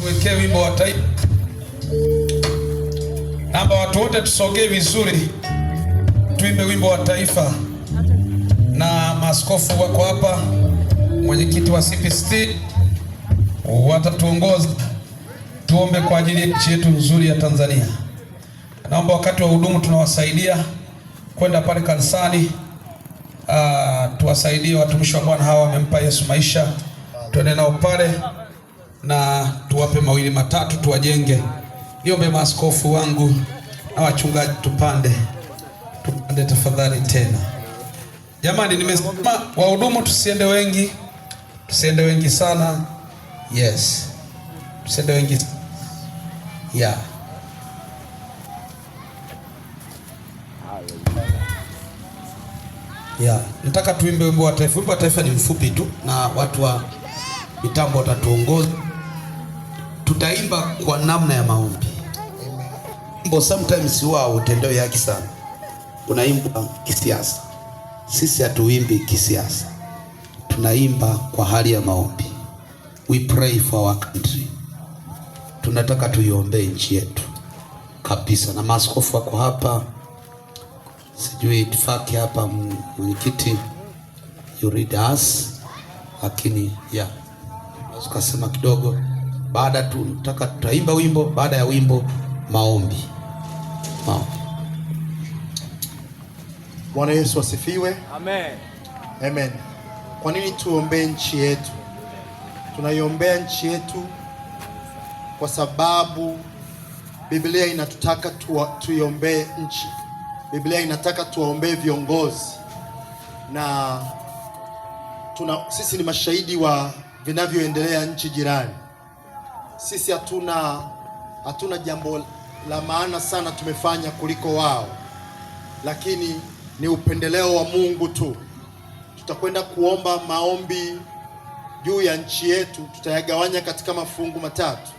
Tuwekee wimbo wa taifa Naomba watu wote tusogee vizuri, tuimbe wimbo wa taifa. Na maaskofu wako hapa, mwenyekiti wa CPST watatuongoza. Tuombe kwa ajili ya nchi yetu nzuri ya Tanzania. Naomba wakati wa hudumu tunawasaidia kwenda pale kanisani, ah, tuwasaidie watumishi wa Bwana hawa wamempa Yesu maisha, tuende nao pale na tuwape mawili matatu tuwajenge. Niombe maaskofu wangu na wachungaji, tupande tupande tafadhali. Tena jamani, nimesema wahudumu tusiende wengi, tusiende wengi sana. Yes, tusiende wengi yeah. Ya, Nataka tuimbe wimbo wa taifa. Wimbo wa taifa ni mfupi tu na watu wa mitambo watatuongoza tutaimba kwa namna ya maombi. mbo Sometimes wao utendeo yake sana, unaimba kisiasa. Sisi hatuimbi kisiasa, tunaimba kwa hali ya maombi. We pray for our country, tunataka tuiombee nchi yetu kabisa, na maaskofu wako hapa, sijui itifaki hapa, mwenyekiti you read us, lakini ya yeah. Tukasema kidogo baada tu tutaka tutaimba wimbo, baada ya wimbo maombi, maombi. Bwana Yesu asifiwe. Amen. Amen. Kwa nini tuombee nchi yetu? Tunaiombea nchi yetu kwa sababu Biblia inatutaka tuiombee nchi. Biblia inataka tuwaombee viongozi na tuna, sisi ni mashahidi wa vinavyoendelea nchi jirani sisi hatuna hatuna jambo la maana sana tumefanya kuliko wao, lakini ni upendeleo wa Mungu tu. Tutakwenda kuomba maombi juu ya nchi yetu, tutayagawanya katika mafungu matatu.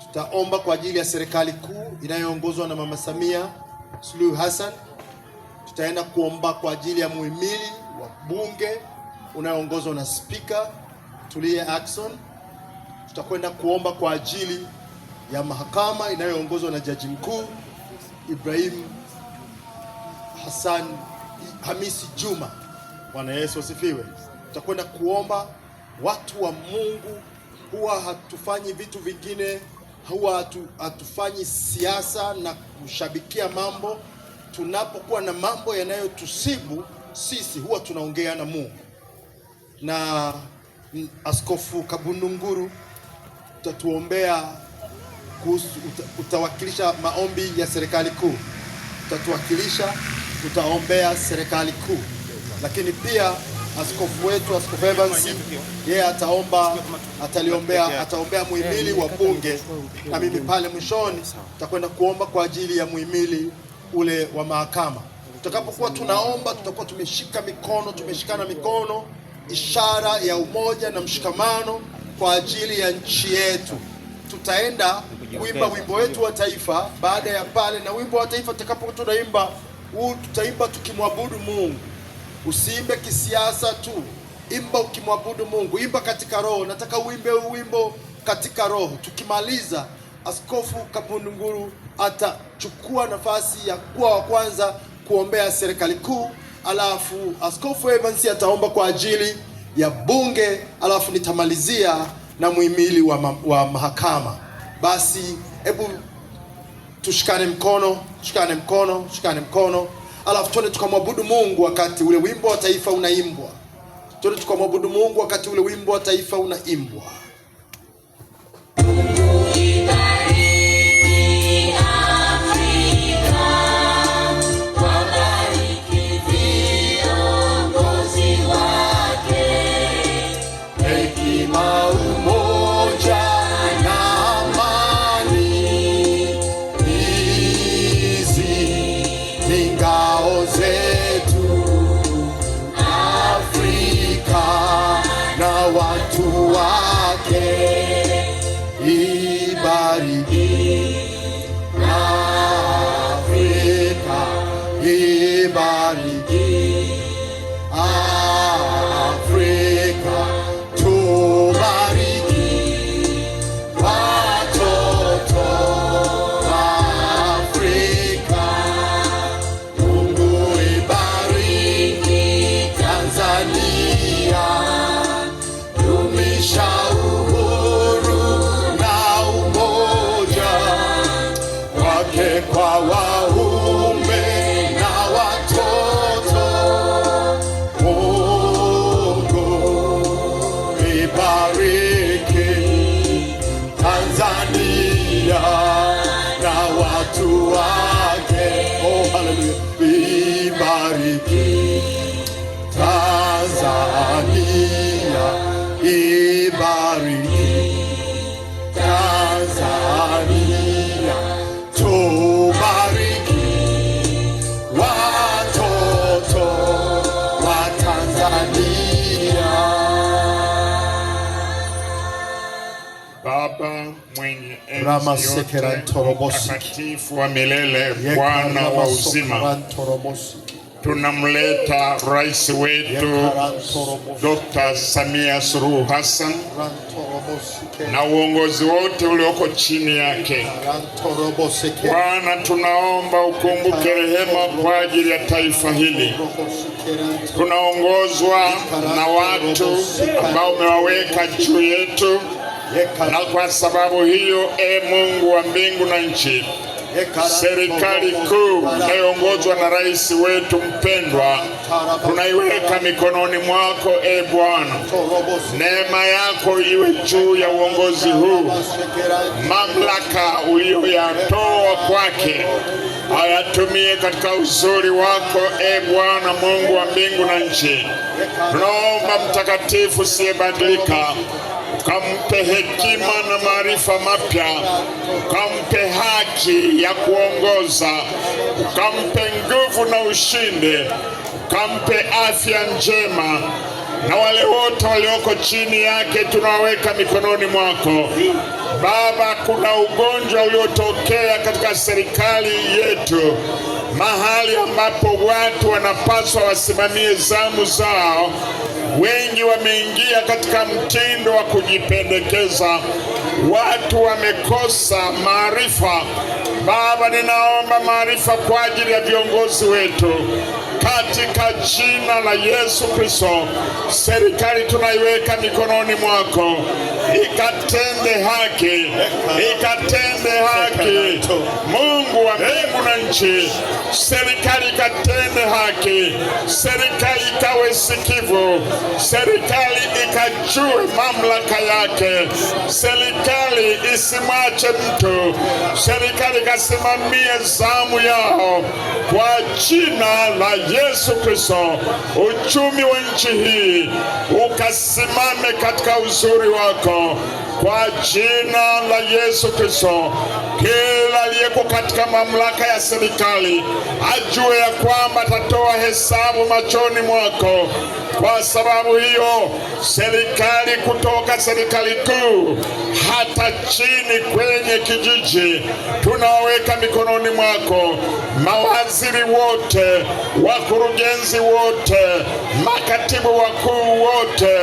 Tutaomba kwa ajili ya serikali kuu inayoongozwa na Mama Samia Suluhu Hassan. Tutaenda kuomba kwa ajili ya muhimili wa bunge unayoongozwa na Spika Tulia Ackson tutakwenda kuomba kwa ajili ya mahakama inayoongozwa na Jaji Mkuu Ibrahim Hassan Hamisi Juma. Bwana Yesu asifiwe. Tutakwenda kuomba. Watu wa Mungu huwa hatufanyi vitu vingine, huwa hatu, hatufanyi siasa na kushabikia mambo. Tunapokuwa na mambo yanayotusibu sisi, huwa tunaongea na Mungu na Askofu Kabundunguru utatuombea kuhusu, utawakilisha maombi ya serikali kuu, utatuwakilisha, utaombea serikali kuu, lakini pia askofu wetu Askofu Evans yeye ataomba, ataliombea, ataombea muhimili wa bunge, na mimi pale mwishoni tutakwenda kuomba kwa ajili ya muhimili ule wa mahakama. Tutakapokuwa tunaomba, tutakuwa tumeshika mikono, tumeshikana mikono, ishara ya umoja na mshikamano kwa ajili ya nchi yetu. Tutaenda kuimba wimbo wetu wa taifa baada ya pale, na wimbo wa taifa tutakapo tunaimba huu, tutaimba tukimwabudu Mungu. Usiimbe kisiasa tu, imba ukimwabudu Mungu, imba katika roho. Nataka uimbe huu wimbo katika roho. Tukimaliza, Askofu Kapundunguru atachukua nafasi ya kuwa wa kwanza kuombea serikali kuu, alafu Askofu Evans ataomba kwa ajili ya bunge, alafu nitamalizia na muhimili wa, ma wa mahakama. Basi hebu tushikane mkono, shikane mkono, shikane mkono, alafu twende tukamwabudu Mungu wakati ule wimbo wa taifa unaimbwa. Twende tukamwabudu Mungu wakati ule wimbo wa taifa unaimbwa. mtakatifu wa milele, Bwana wa uzima, tunamleta rais wetu Dr. Samia Suluhu Hassan na uongozi wote ulioko chini yake. Bwana, tunaomba ukumbuke rehema kwa ajili ya taifa hili. Tunaongozwa na watu ambao umewaweka juu yetu na kwa sababu hiyo, e Mungu wa mbingu na nchi, serikali kuu inayoongozwa na rais wetu mpendwa, tunaiweka mikononi mwako e Bwana. Neema yako iwe juu ya uongozi huu. Mamlaka uliyoyatoa kwake ayatumie katika uzuri wako e Bwana Mungu wa mbingu na nchi. Tunaomba mtakatifu usiyebadilika ukampe hekima na maarifa mapya, ukampe haki ya kuongoza, ukampe nguvu na ushindi, ukampe afya njema na wale wote walioko chini yake tunaweka mikononi mwako Baba. Kuna ugonjwa uliotokea katika serikali yetu mahali ambapo watu wanapaswa wasimamie zamu zao. Wengi wameingia katika mtindo wa kujipendekeza. Watu wamekosa maarifa Baba, ninaomba maarifa kwa ajili ya viongozi wetu katika jina la Yesu Kristo. Serikali tunaiweka mikononi mwako, ikatende haki, ikatende haki. Mungu wa mbingu na nchi, serikali ikatende haki, serikali ikawe sikivu, serikali ikajue mamlaka yake, serikali isimwache mtu, serikali wasimamie zamu yao kwa jina la Yesu Kristo. Uchumi wa nchi hii ukasimame katika uzuri wako kwa jina la Yesu Kristo. Kila aliyeko katika mamlaka ya serikali ajue ya kwamba atatoa hesabu machoni mwako. Kwa sababu hiyo, serikali kutoka serikali kuu hata chini kwenye kijiji, tunaweka mikononi mwako mawaziri wote, wakurugenzi wote, makatibu wakuu wote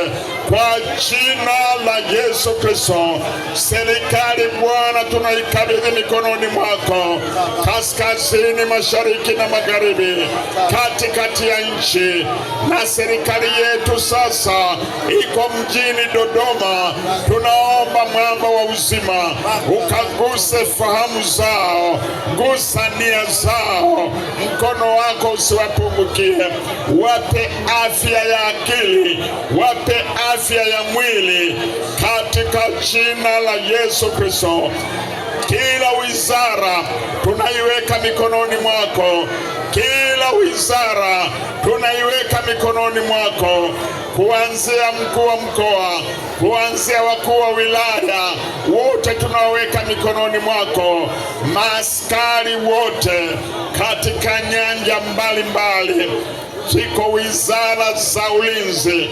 kwa jina la Yesu Kristo, serikali Bwana, tunaikabidhi mikononi mwako, kaskazini, mashariki na magharibi, katikati ya nchi na serikali Serikali yetu sasa iko mjini Dodoma. Tunaomba mwamba wa uzima ukaguse fahamu zao, gusa nia zao, mkono wako usiwapungukie. Wape afya ya akili, wape afya ya mwili, katika jina la Yesu Kristo. Kila wizara tunaiweka mikononi mwako kila kila wizara tunaiweka mikononi mwako, kuanzia mkuu wa mkoa, kuanzia wakuu wa wilaya, wote tunaoweka mikononi mwako, maaskari wote katika nyanja mbalimbali. Ziko wizara za ulinzi,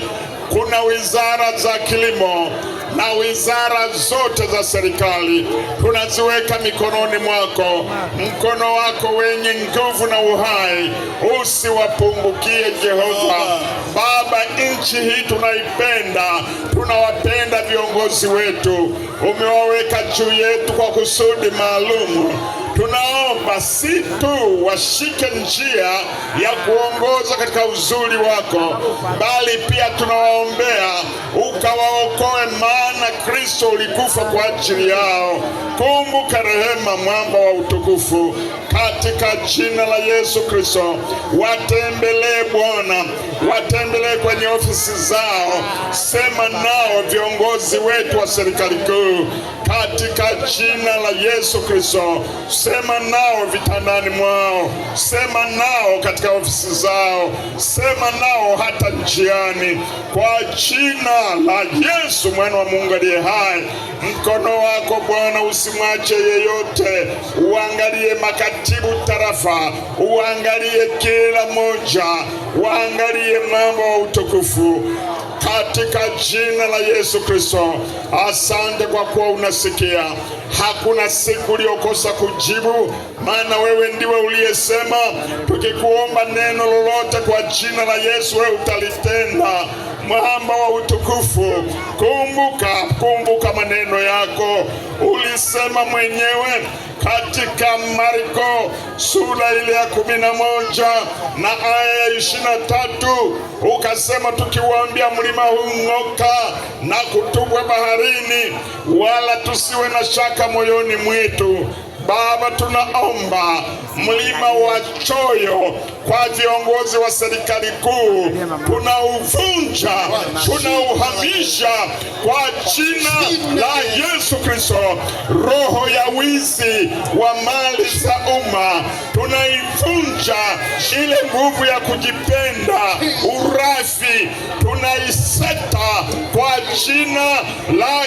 kuna wizara za kilimo na wizara zote za serikali tunaziweka mikononi mwako. Mkono wako wenye nguvu na uhai usiwapungukie, Jehova. Baba, nchi hii tunaipenda, tunawapenda viongozi wetu, umewaweka juu yetu kwa kusudi maalumu tunaomba si tu washike njia ya kuongoza katika uzuri wako, bali pia tunawaombea ukawaokoe, maana Kristo ulikufa kwa ajili yao. Kumbuka rehema, mwamba wa utukufu, katika jina la Yesu Kristo. Watembelee Bwana, watembelee kwenye ofisi zao, sema nao viongozi wetu wa serikali kuu katika jina la Yesu Kristo. Sema nao vitandani mwao, sema nao katika ofisi zao, sema nao hata njiani, kwa jina la Yesu mwana wa Mungu aliye hai. Mkono wako Bwana usimwache yeyote, uangalie makatibu tarafa, uangalie kila moja, uangalie mambo ya utukufu katika jina la Yesu Kristo. Asante kwa kuwa unasikia. Hakuna siku uliyokosa kujibu, maana wewe ndiwe uliyesema, tukikuomba neno lolote kwa jina la Yesu wewe utalitenda. Mwamba wa utukufu, kumbuka kumbuka maneno yako anasema mwenyewe katika Marko sura ile ya kumi na moja na aya ya ishirini na tatu ukasema, tukiwaambia mlima huu ng'oka na kutubwa baharini, wala tusiwe na shaka moyoni mwetu. Baba, tunaomba mlima wa choyo kwa viongozi wa serikali kuu, tunauvunja, tunauhamisha kwa jina la Yesu Kristo. Roho ya wizi wa mali za umma tunaivunja, ile nguvu ya kujipenda, urafi tunaiseta kwa jina la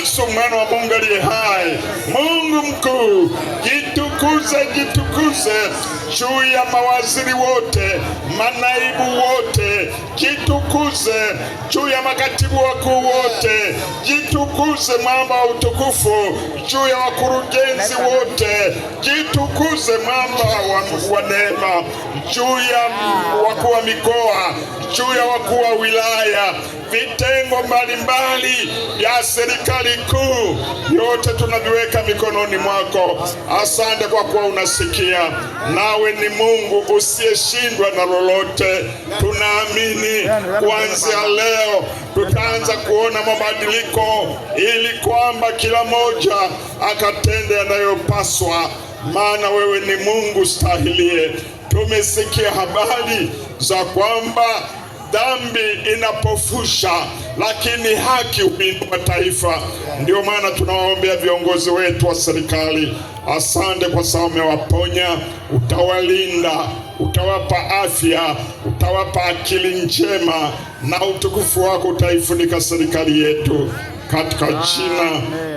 Yesu mwana wa Mungu aliye hai. Mungu mkuu, jitukuze, jitukuze juu ya mawaziri wote, manaibu wote, jitukuze juu ya makatibu wakuu wote, jitukuze mwamba wa utukufu juu ya wakurugenzi wote, jitukuze mwamba wa neema juu ya wakuu wa mikoa, juu ya wakuu wa wilaya vitengo mbalimbali vya serikali kuu, yote tunaviweka mikononi mwako. Asante kwa kuwa unasikia, nawe ni Mungu usiyeshindwa na lolote. Tunaamini kuanzia leo tutaanza kuona mabadiliko, ili kwamba kila moja akatende yanayopaswa, maana wewe ni Mungu stahilie. Tumesikia habari za kwamba Dhambi inapofusha, lakini haki huinua taifa. Ndio maana tunawaombea viongozi wetu wa serikali, asante kwa sababu umewaponya, utawalinda, utawapa afya, utawapa akili njema, na utukufu wako utaifunika serikali yetu katika jina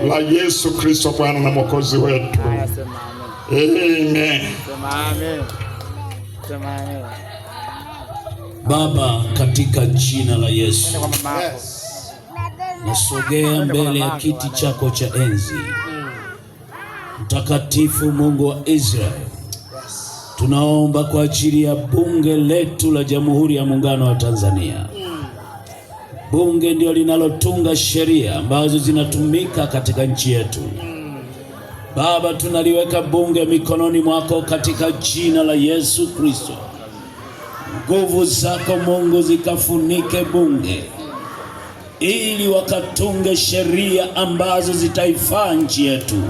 la Yesu Kristo, Bwana na Mwokozi wetu. Amen. Amen. Amen. Baba, katika jina la Yesu Nasogea mbele ya kiti chako cha enzi mtakatifu, Mungu wa Israeli, tunaomba kwa ajili ya bunge letu la Jamhuri ya Muungano wa Tanzania. Bunge ndio linalotunga sheria ambazo zinatumika katika nchi yetu. Baba, tunaliweka bunge mikononi mwako katika jina la Yesu Kristo nguvu zako Mungu zikafunike bunge ili wakatunge sheria ambazo zitaifaa nchi yetu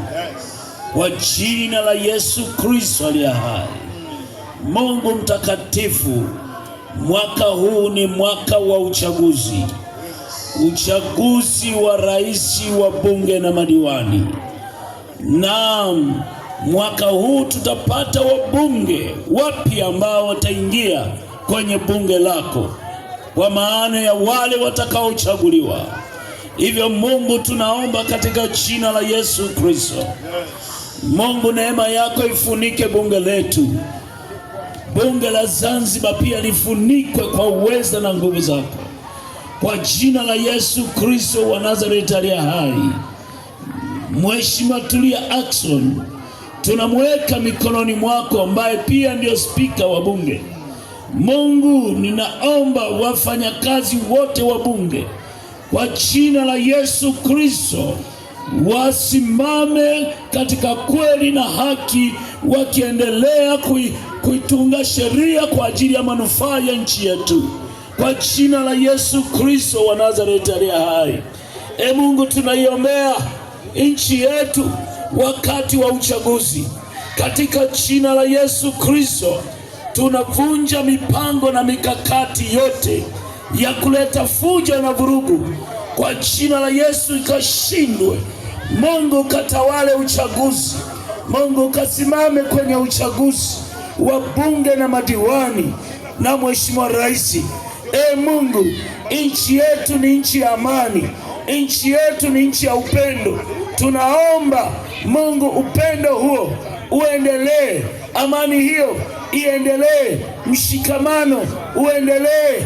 kwa jina la Yesu Kristo aliye hai. Mungu mtakatifu, mwaka huu ni mwaka wa uchaguzi, uchaguzi wa rais, wa bunge na madiwani. Naam, mwaka huu tutapata wabunge wapya ambao wataingia kwenye bunge lako kwa maana ya wale watakaochaguliwa. Hivyo Mungu, tunaomba katika jina la Yesu Kristo. Mungu, neema yako ifunike bunge letu, bunge la Zanzibar pia lifunikwe kwa uweza na nguvu zako, kwa jina la Yesu Kristo wa Nazareti aliye hai. Mheshimiwa Tulia Ackson tunamweka mikononi mwako, ambaye pia ndiyo spika wa bunge Mungu, ninaomba wafanyakazi wote wa bunge kwa jina la Yesu Kristo wasimame katika kweli na haki, wakiendelea kuitunga sheria kwa ajili ya manufaa ya nchi yetu, kwa jina la Yesu Kristo wa Nazareti aliye hai. E Mungu, tunaiombea nchi yetu wakati wa uchaguzi katika jina la Yesu Kristo tunavunja mipango na mikakati yote ya kuleta fujo na vurugu kwa jina la Yesu, ikashindwe. Mungu katawale uchaguzi, Mungu kasimame kwenye uchaguzi wa bunge na madiwani na mheshimiwa rais. E Mungu, nchi yetu ni nchi ya amani, nchi yetu ni nchi ya upendo. Tunaomba Mungu, upendo huo uendelee, amani hiyo iendelee, mshikamano uendelee.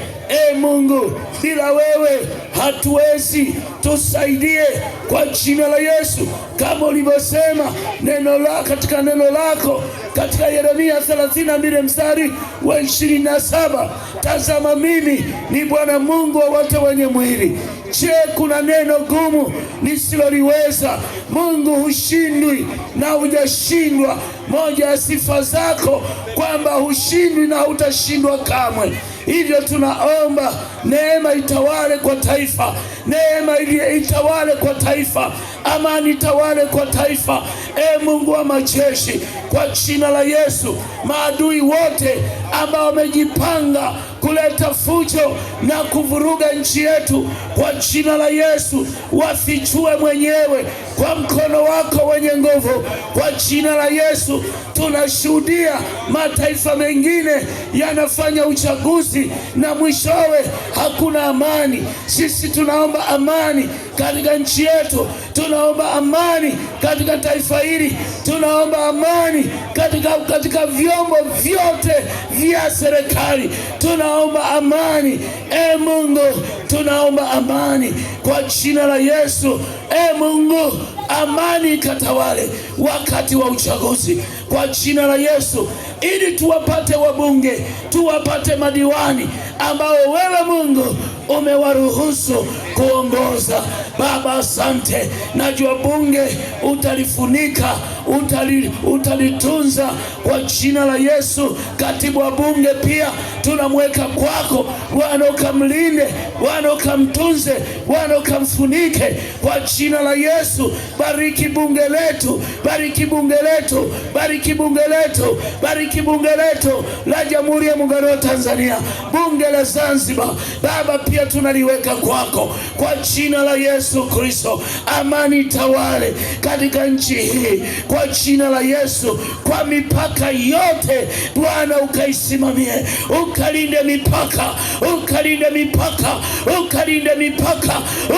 E Mungu, bila wewe hatuwezi, tusaidie kwa jina la Yesu, kama ulivyosema neno la katika neno lako katika Yeremia 32 mstari wa 27, tazama mimi ni Bwana Mungu wa wote wenye mwili. Je, kuna neno gumu nisiloliweza? Mungu hushindwi na hujashindwa moja ya sifa zako kwamba hushindwi na hutashindwa kamwe. Hivyo tunaomba neema itawale kwa taifa, neema itawale kwa taifa, amani itawale kwa taifa. E Mungu wa majeshi, kwa jina la Yesu, maadui wote ambao wamejipanga kuleta fujo na kuvuruga nchi yetu, kwa jina la Yesu wafichue mwenyewe kwa mkono wako wenye nguvu, kwa jina la Yesu. Tunashuhudia mataifa mengine yanafanya uchaguzi na mwishowe hakuna amani. Sisi tunaomba amani katika nchi yetu, tunaomba amani katika taifa hili, tunaomba amani katika, katika vyombo vyote vya serikali tuna tunaomba amani. E Mungu, tunaomba amani kwa jina la Yesu. E Mungu, amani katawale wakati wa uchaguzi kwa jina la Yesu, ili tuwapate wabunge, tuwapate madiwani ambao wewe Mungu umewaruhusu kuongoza. Baba, asante. Najua bunge utalifunika, utali, utalitunza kwa jina la Yesu. Katibu wa bunge pia tunamweka kwako Bwana, ukamlinde Bwana, ukamtunze Bwana, ukamfunike kwa jina la Yesu. Bariki bunge letu, bariki bunge letu, bariki bunge letu, bariki bunge letu la Jamhuri ya Muungano wa Tanzania, bunge la Zanzibar Baba pia moja tunaliweka kwako kwa jina la Yesu Kristo. Amani tawale katika nchi hii kwa jina la Yesu. Kwa mipaka yote Bwana ukaisimamie, ukalinde mipaka, ukalinde mipaka, ukalinde mipaka,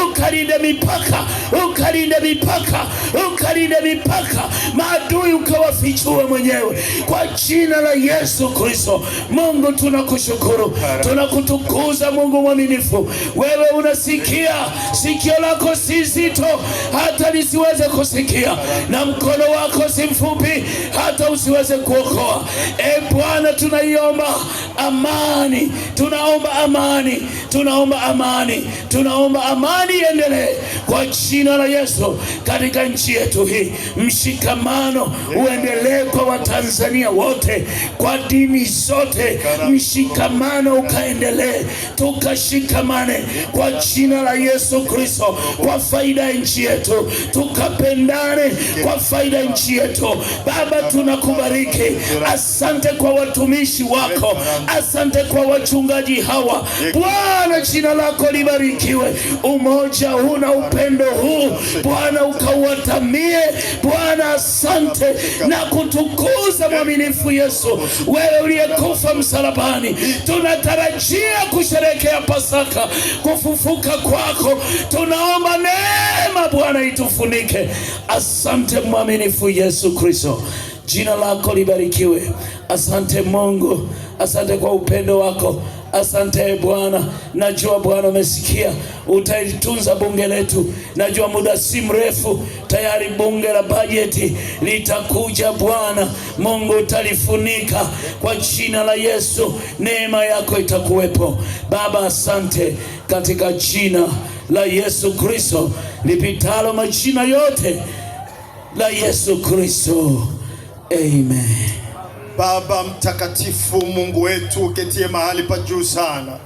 ukalinde mipaka, ukalinde mipaka, ukalinde mipaka, maadui ukawafichue mwenyewe kwa jina la Yesu Kristo. Mungu tunakushukuru, tunakutukuza Mungu mwaminifu Mtakatifu, wewe unasikia. Sikio lako si zito hata nisiweze kusikia, na mkono wako si mfupi hata usiweze kuokoa. E Bwana, tunaiomba amani, tunaomba amani, tunaomba amani, tunaomba amani iendelee kwa jina la Yesu katika nchi yetu hii. Mshikamano uendelee kwa Watanzania wote, kwa dini zote, mshikamano ukaendelee tukashika tukamane kwa jina la Yesu Kristo, kwa faida ya nchi yetu, tukapendane kwa faida ya nchi yetu. Baba, tunakubariki. Asante kwa watumishi wako, asante kwa wachungaji hawa. Bwana, jina lako libarikiwe. Umoja huu na upendo huu Bwana ukauatamie Bwana, asante na kutukuza mwaminifu Yesu, wewe uliyekufa msalabani. Tunatarajia kusherehekea Pasaka baraka kufufuka kwako. Tunaomba neema Bwana itufunike. Asante mwaminifu Yesu Kristo, jina lako libarikiwe. Asante Mungu, asante kwa upendo wako. Asante Bwana, najua Bwana umesikia, utaitunza bunge letu. Najua muda si mrefu tayari bunge la bajeti litakuja. Bwana Mungu, utalifunika kwa jina la Yesu, neema yako itakuwepo Baba. Asante katika jina la Yesu Kristo lipitalo majina yote, la Yesu Kristo, amen. Baba mtakatifu, Mungu wetu uketie mahali pa juu sana,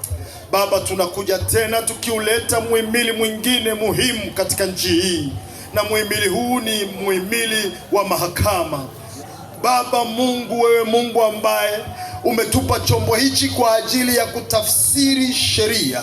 Baba, tunakuja tena tukiuleta muhimili mwingine muhimu katika nchi hii, na muhimili huu ni muhimili wa mahakama. Baba Mungu, wewe Mungu ambaye umetupa chombo hichi kwa ajili ya kutafsiri sheria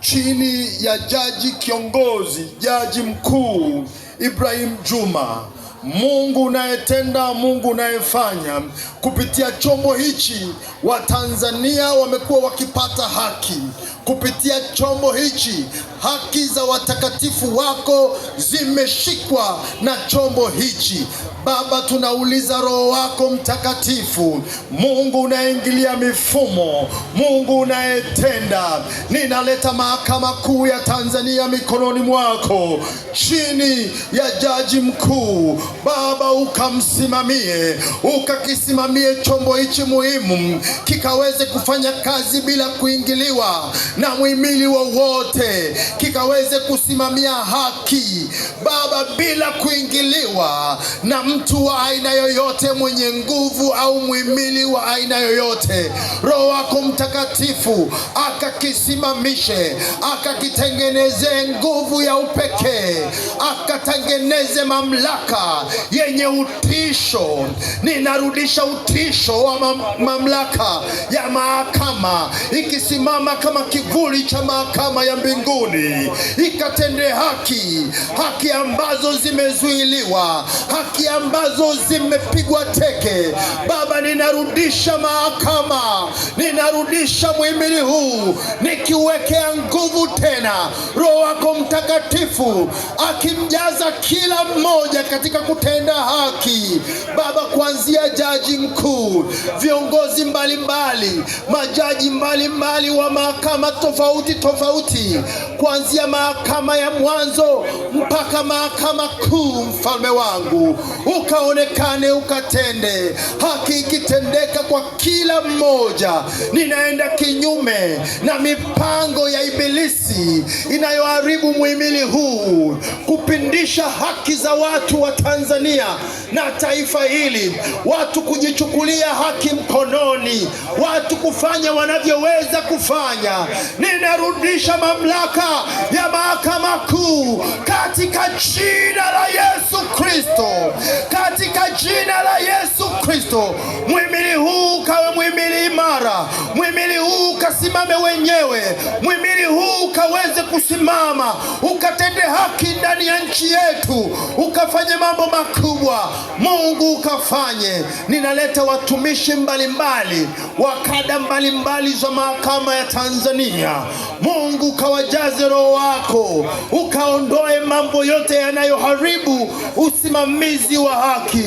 chini ya jaji kiongozi, jaji mkuu Ibrahim Juma Mungu unayetenda, Mungu unayefanya kupitia chombo hichi. Watanzania wamekuwa wakipata haki kupitia chombo hichi. Haki za watakatifu wako zimeshikwa na chombo hichi. Baba, tunauliza Roho wako Mtakatifu, Mungu unaingilia mifumo, Mungu unayetenda. Ninaleta mahakama kuu ya Tanzania mikononi mwako, chini ya jaji mkuu. Baba, ukamsimamie, ukakisimamie chombo hichi muhimu, kikaweze kufanya kazi bila kuingiliwa na muhimili wowote, kikaweze kusimamia haki Baba, bila kuingiliwa na mtu wa aina yoyote mwenye nguvu au mwimili wa aina yoyote, Roho wako Mtakatifu akakisimamishe, akakitengeneze nguvu ya upekee, akatengeneze mamlaka yenye utisho. Ninarudisha utisho wa mam mamlaka ya mahakama ikisimama kama kivuli cha mahakama ya mbinguni, ikatende haki, haki ambazo zimezuiliwa, haki ambazo zimepigwa teke. Baba, ninarudisha mahakama, ninarudisha muhimili huu, nikiwekea nguvu tena. Roho wako Mtakatifu akimjaza kila mmoja katika kutenda haki. Baba, kuanzia jaji mkuu, viongozi mbalimbali mbali, majaji mbalimbali mbali wa mahakama tofauti tofauti, kuanzia mahakama ya mwanzo mpaka mahakama kuu, mfalme wangu ukaonekane ukatende, haki ikitendeka kwa kila mmoja. Ninaenda kinyume na mipango ya Ibilisi inayoharibu muhimili huu, kupindisha haki za watu wa Tanzania na taifa hili, watu kujichukulia haki mkononi, watu kufanya wanavyoweza kufanya. Ninarudisha mamlaka ya mahakama kuu katika jina la Yesu Kristo, katika jina la Yesu Kristo. mwimili huu kawe mwimili imara, mwimili huu ukasimame wenyewe, mwimili huu ukaweze kusimama, ukatende haki ndani ya nchi yetu, ukafanye mambo makubwa. Mungu ukafanye. Ninaleta watumishi mbalimbali wa kada mbalimbali za mahakama ya Tanzania. Mungu ukawajaze Roho wako, ukaondoe mambo yote yanayoharibu usimamizi wa haki.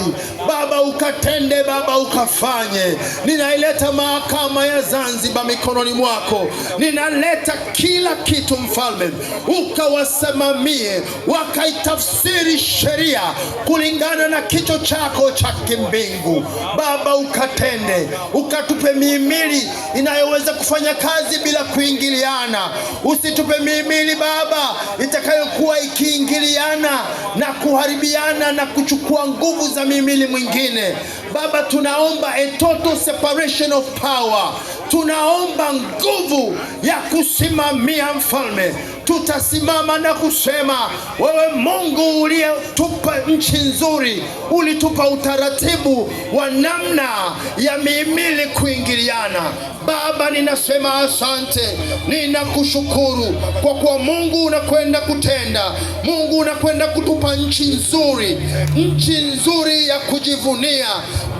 Baba ukatende, Baba ukafanye. Ninaileta mahakama ya Zanzibar mikononi mwako, ninaleta kila kitu Mfalme, ukawasimamie, wakaitafsiri sheria kulingana na kitu kicho chako cha kimbingu. Baba, ukatende, ukatupe mihimili inayoweza kufanya kazi bila kuingiliana. Usitupe mihimili Baba itakayokuwa ikiingiliana na kuharibiana na kuchukua nguvu za mihimili mwingine. Baba, tunaomba a total separation of power, tunaomba nguvu ya kusimamia mfalme tutasimama na kusema, wewe Mungu uliyetupa nchi nzuri, ulitupa utaratibu wa namna ya mihimili kuingiliana. Baba, ninasema asante, ninakushukuru kwa kuwa Mungu unakwenda kutenda. Mungu unakwenda kutupa nchi nzuri, nchi nzuri ya kujivunia.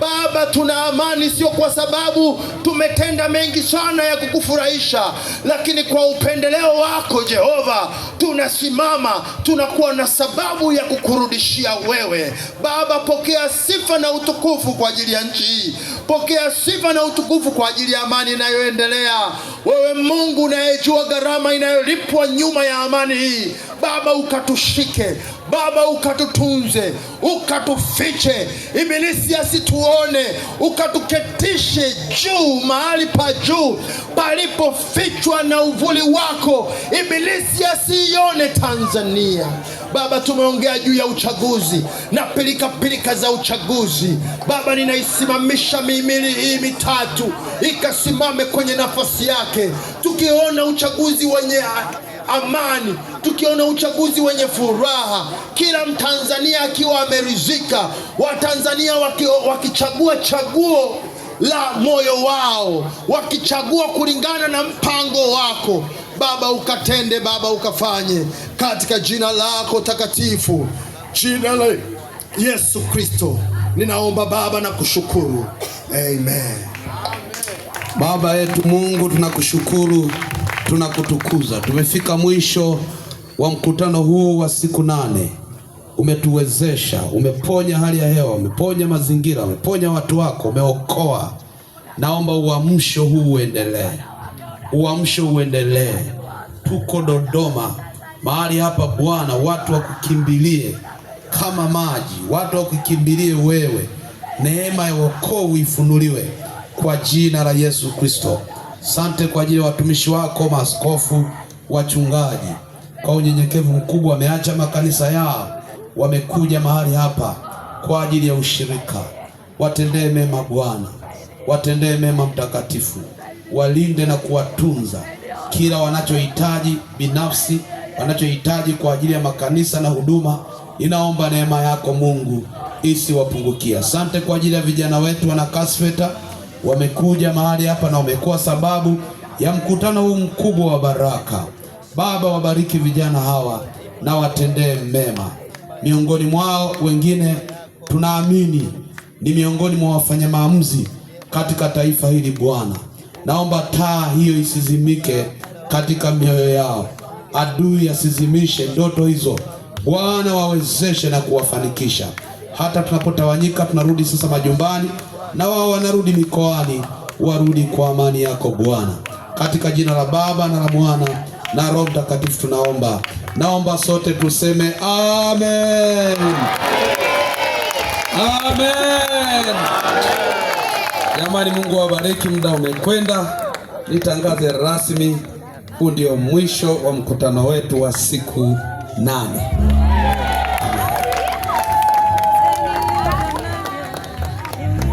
Baba, tuna amani, sio kwa sababu tumetenda mengi sana ya kukufurahisha, lakini kwa upendeleo wako Jehova Jehova, tunasimama tunakuwa na sababu ya kukurudishia wewe. Baba, pokea sifa na utukufu kwa ajili ya nchi hii, pokea sifa na utukufu kwa ajili ya amani inayoendelea. Wewe Mungu unayejua gharama inayolipwa nyuma ya amani hii, Baba ukatushike Baba, ukatutunze, ukatufiche, ibilisi asituone, ukatuketishe juu mahali pa juu palipofichwa na uvuli wako, ibilisi asiione Tanzania. Baba, tumeongea juu ya uchaguzi na pilika pilika za uchaguzi. Baba, ninaisimamisha mihimili hii mitatu ikasimame kwenye nafasi yake, tukiona uchaguzi wenye amani, tukiona uchaguzi wenye furaha, kila Mtanzania akiwa ameridhika, Watanzania wakichagua chaguo la moyo wao, wakichagua kulingana na mpango wako Baba, ukatende Baba, ukafanye katika jina lako takatifu, jina la Yesu Kristo ninaomba Baba na kushukuru. Amen. Amen. Baba yetu Mungu tunakushukuru tunakutukuza. Tumefika mwisho wa mkutano huu wa siku nane. Umetuwezesha, umeponya hali ya hewa, umeponya mazingira, umeponya watu wako, umeokoa. Naomba uamsho huu uendelee, uamsho uendelee. Tuko Dodoma, mahali hapa Bwana, watu wakukimbilie kama maji, watu wakukimbilie wewe. Neema ya wokovu ifunuliwe kwa jina la Yesu Kristo. Sante kwa ajili ya watumishi wako, maaskofu, wachungaji, kwa unyenyekevu mkubwa wameacha makanisa yao, wamekuja mahali hapa kwa ajili ya ushirika. Watendee mema Bwana, watendee mema Mtakatifu, walinde na kuwatunza kila wanachohitaji binafsi, wanachohitaji kwa ajili ya makanisa na huduma. inaomba neema yako Mungu isiwapungukia. Sante kwa ajili ya vijana wetu wana Kasfeta wamekuja mahali hapa na wamekuwa sababu ya mkutano huu mkubwa wa baraka. Baba, wabariki vijana hawa na watendee mema. Miongoni mwao wengine tunaamini ni miongoni mwa wafanya maamuzi katika taifa hili. Bwana, naomba taa hiyo isizimike katika mioyo yao, adui asizimishe ndoto hizo. Bwana, wawezeshe na kuwafanikisha. Hata tunapotawanyika tunarudi sasa majumbani na wao wanarudi mikoani, warudi kwa amani yako Bwana, katika jina la Baba na la Mwana na Roho Mtakatifu tunaomba. Naomba sote tuseme amen, amen. Jamani, Mungu awabariki. Muda umekwenda, nitangaze rasmi, huu ndio mwisho wa mkutano wetu wa siku nane.